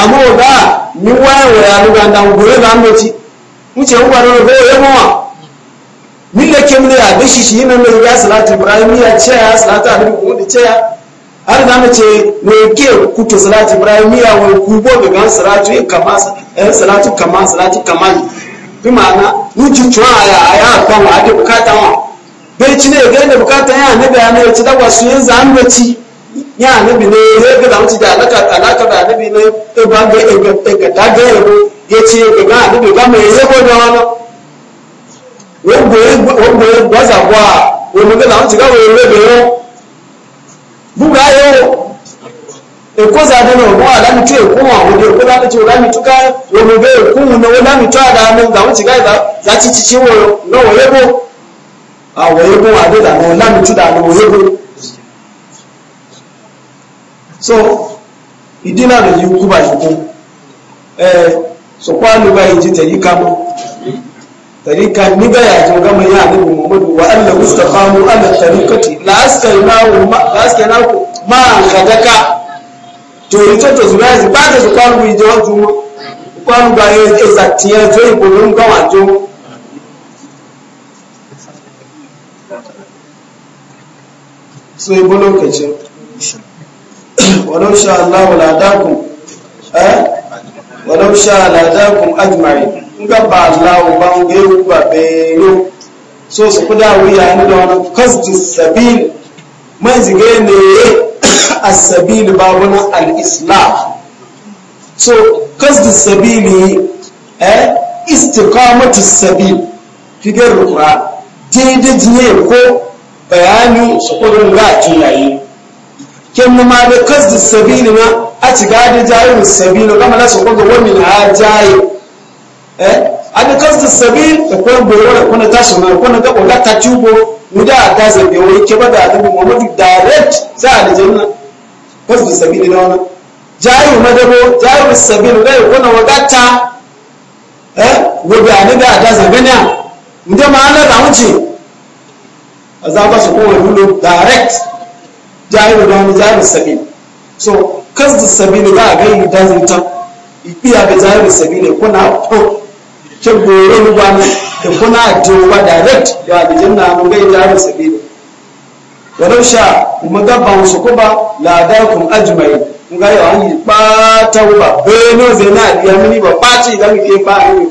àmọ́ ọ̀gá ní wá ẹ̀wẹ̀ àlùgbàndà ògbòrè bá ń lọ́tí ń tẹ̀ ń gbàdọ̀ lọ́gbọ́ òye mọ́ wa nílẹ̀ kémìlẹ̀ yìí nínú ìyá sàlátì ibrahim yà chẹ́yà sàlátì àdúgbò ní chẹ́yà har da mace ne ke ibrahim ya wa kubo ga gan salatu kama eh salatu kama salatu kama bi ma'ana ni cucuwa ya ya kan wa ade bukata wa bai ci ne ga ne ne ní ànábì ní ẹgbẹ́ làwọn ti dà alákàtà ànábì ní ẹgbà ẹgbẹ̀dágẹ́ ẹ̀rọ yẹtí ẹgbẹ̀gá ànábì gámọ̀ ẹ̀yẹ́gbọ́n ní wọn náà wọ́n gbé gbọ́sàbọ́ à olùgbé làwọn ti gáwọ̀ ẹ̀rẹ́bẹ̀ wọn búburú ayé wọn èkó sáadé náà wọ́n àdáni tó èkó wọn àwọn èkó láti tó láti tó ká olùgbé èkó wọn náà wọ́n láti tó àdáni làwọn ti gáyìí láti títí wọn náà wọ́n yẹ́gbọ́n àwọn yẹ́gbọ́n àdé so ìdínà rẹ̀ yìí kú báyìí kú ẹ sọ̀pọ̀ àlùbá yìí ti tẹ̀lé ká mọ́ tẹ̀lé ká níbẹ̀ àti ọ̀gá mọ̀ yá àlẹ́ mọ̀mọ́dù wà á lẹ̀ mustapha mu á tẹ̀lé kọ́tì láàsìkẹ̀ náà máa kàdákà tòyí tó tòsí báyìí bá tẹ̀sí pàrọ̀ ìjọ ju wọn pàrọ̀ gba ẹ̀ẹ́dẹ́gbẹ̀sà tiẹ̀ tó ìbò ló ń gbà wà jó so ya bu ولو شاء الله لهداكم أه؟ ولو شاء لهداكم أجمعين ngaba Allah ba ngai so su kuda wuya ni da wannan qasdu sabil mai zige ne as-sabil ba wannan al-islam so qasdu sabili eh istiqamatu sabil figar ruqa daidai ne ko bayani su kuda ga tunayi kemnu ma da kasdi sabili ma a ci gadi jayin sabili kama na su kwaga wani na a jayi eh a da kasdi sabili da kwan goro da kuna tashi na kuna ga kwan ta tubo muda a ta zabe wani ke ba da adabu muhammadu direct za a na kasdi sabili na wani jayin madabo jayin sabili eh? da kuna wadata eh wabi a nida da a ta zabe ne muda ma'ana da wuce a za ba su kowane direct jahilu da wani jahilu sabi so kasda sabi ne za a gani da zanta iya ga jahilu sabi ne kuna ko ke gore ni da kuna jowa direct ya da janna mun ga jahilu sabi ne da sha kuma gaba wasu su ko ba la da kun ajmai mun ga yi ba bata ba be no ze na ya mini ba bace idan da ba ba yi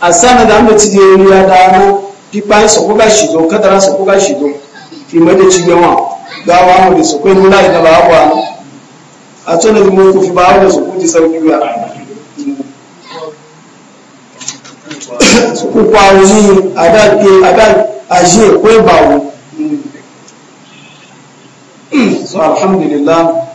a sana da amma cije je ya da na pipa su ko ga shi do kadara su ko ga shi do ki mai da ci gawa mu da su kai nuna ina ba hawa a tana da mun kufi ba da su kuji sauki ba su kuka wani a da ke a da a je kwai bawo so alhamdulillah